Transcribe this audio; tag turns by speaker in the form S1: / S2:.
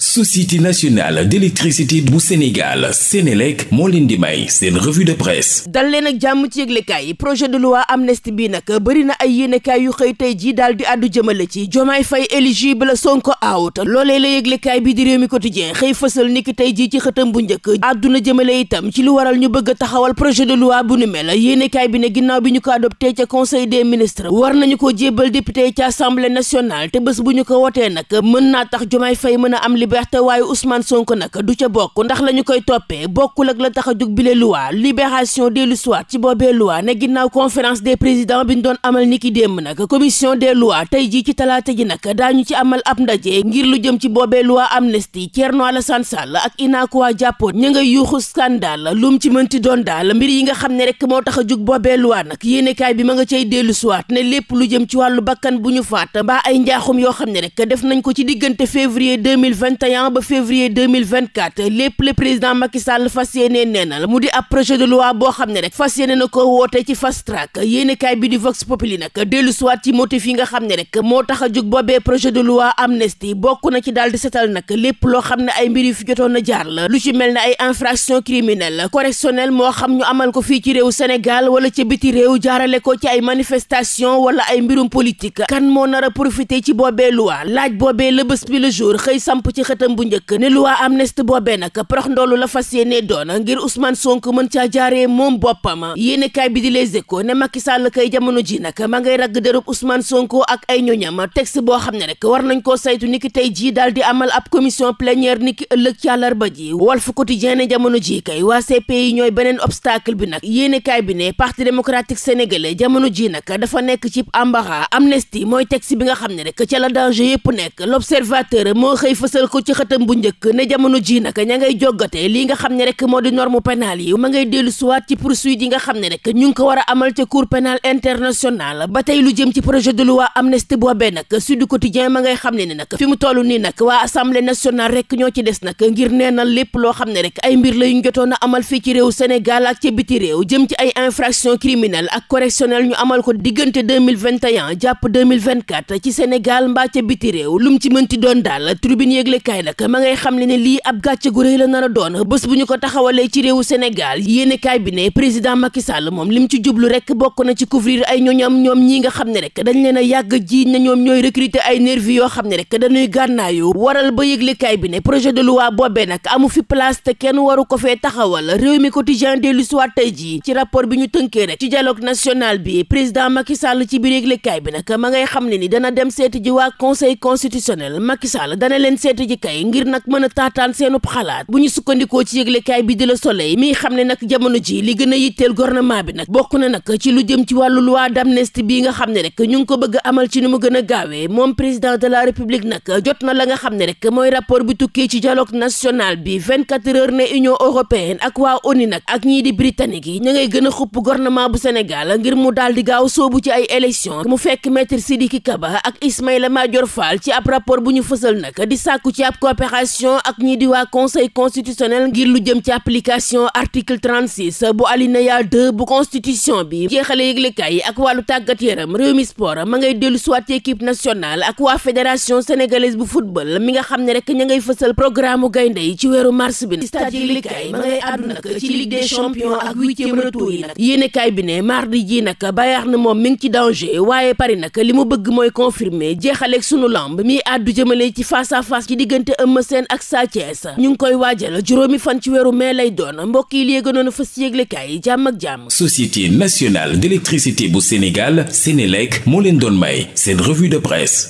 S1: société nationale d'électricité bu Sénégal Sénélec moo leen di may seen revue de presse dal leen ak jàmm ci yëglekaay yi projet de loi amnistie bi nag bëri na ay yéenekaay yu xëy tey ji daal àddu jëmale ci Jomaay Fay éligible Sonko out loolee la yëglekaay bi di Rewmi Quotidien xëy fësal niki tey ji ci xëtam bu njëkk àdduna jëmale itam ci lu waral ñu bëgg a taxawal projet de loi bu nu mel yéenekaay bi ne ginnaaw bi ñu ko adopté ca conseil des a am liberté waaye Ousmane Sonko nag du ca bokk ndax la koy toppee bokkul ak la tax a jug bile loi libération des lu ci boobee ne ginnaaw conférence des présidents bi ñu doon amal ki démb nag commission des lois tey jii ci talaata ji nag daañu ci amal ab ndaje ngir lu jëm ci boobee loi amnistie Thierno Alassane Sall ak Inaakuwa jàppoon ñu ngay yuuxu scandale lu mu ci mënti doon daal mbir yi nga xam ne rek moo tax a jug boobee loi nag yéenekaay bi ma nga cay dellu soit ne lépp lu jëm ci wàllu bakkan bu ñu faat mbaa ay njaaxum yoo xam ne rek def nañ ko ci diggante février 2020 2021 ba février 2024 lépp le président Macky Sall fas yéene neenal mu di ab projet de loi boo xam ne rek fas yéene na ko woote ci fast track yéenekaay bi di Vox Populi nag dellu siwaat ci motif yi nga xam ne rek moo tax a jóg boobee projet de loi amnistie bokk na ci daal di setal nag lépp loo xam ne ay mbir yu fi jotoon na jaar la lu ci mel ne ay infraction criminelle correctionnelle moo xam ñu amal ko fii ci réew Sénégal wala ci biti réew jaarale ko ci ay manifestation wala ay mbirum politique kan moo nar a ci boobee loi laaj boobee le xëy samp ci xëtam bu njëkk ne loi nag prox ndoolu la fas yéene doon ngir Ousmane Sonko mën caa jaaree moom boppam yéene bi di Les Échos ne Macky Sall kay ma ngay ragg dërëb Ousmane Sonko ak ay ñoñam texte boo xam ne rek war nañ koo saytu niki tey jii daal di amal ab commission plénière niki ëllëg ci àllarba ji Walf Quotidien ne jamono ji kay waa CPI ñooy beneen obstacle bi nag yéene kaay bi ne Parti démocratique sénégalais jamono ji nag dafa nekk ci ambara amnistie mooy texte bi nga xam ne rek ca ko ci xëtam bu njëkk ne jamono ji naka ña ngay joggate lii nga xam ne rek moo di norme pénal yi ma ngay dellu suwaat ci poursuite yi nga xam ne rek ñu ngi ko war a amal ca cour pénal international ba tey lu jëm ci projet de loi amnistie boobee du Sud Quotidien ma ngay xam ne ni nag fi mu toll nii nag waa assemblée nationale rek ñoo ci des nag ngir neenal lépp loo xam ne rek ay mbir la ñu jotoon a amal fii ci réew Sénégal ak ca biti réew jëm ci ay infraction criminelle ak correctionnelle ñu amal ko diggante 2021 jàpp 2024 ci Sénégal mbaa biti réew lu ci mënti kaay nag ma ngay xam le ne lii ab gàcce gu rëy la nar a doon bés bu ñu ko taxawalee ci réewu Sénégal yéene kaay bi ne président Macky Sall moom lim ci jublu rek ay ñooñam ñoom ñi xam ne rek dañ leen a yàgg jiiñ na ñoom ñooy recruter ay nervi yoo xam ne rek dañuy gànnaayu waral ba yëgle kaay bi ne projet de loi boobee nag amu te kenn waru ko fee taxawal réew mi quotidien dellu si waat tey jii ci bi ñu tënkee rek ci dialogue national bi président biir yëgle bi nag ma ngay xam ne ni dana dem seeti ji waa conseil constitutionnel Macky dana leen seeti ji kay ngir nag mën a taataan seenub xalaat bu ñu sukkandikoo ci yëglekaay bi di la soleil mi xam ne nag jamono ji li gën a yitteel gouvernement bi nag bokk nga xam ne rek ngi ko bëgg amal ci nu mu gën a gaawee moom président de la république nag jot la nga xam ne rek mooy rapport bi tukkee ci dialogue national bi 24 heures ne union européenne ak waa ONU nag ak ñii di britannique yi ñu ngay gën a xupp gouvernement bu Sénégal ngir mu daal di gaaw soobu ci ay élection mu fekk maître Sidiki Kaba ak Ismaïla Madior Fall ci ab rapport bu ñu fësal nag di sàkku ci ab coopération ak ñi di waa conseil constitutionnel ngir lu jëm ci application article bu alinéa bu constitution bi jeexale yëglekaay yi ak wàllu tàggat yaram réew sport ma ngay dellu soit ci équipe nationale ak waa fédération sénégalaise bu football mi nga xam ne rek ña ngay fësal programme gaynde yi ci weeru mars bi stade yëglekaay ma ngay àddu nag ci ligue des champions ak huitième retour yi nag yéenekaay bi ne mardi ji nag Bayern moom mi ngi ci danger waaye Paris nag li mu bëgg mooy confirmer jeexaleeg sunu lamb mi àddu diggante Eumeu seen ak Sa Thiès ñu ngi koy waajal juróomi fan ci weeru mai lay doon mbokk yi léegi noonu fas yéglekaay yi jàmm ak jàmm. Société nationale d'électricité bu Sénégal Sénélec moo leen doon may seen revue de presse.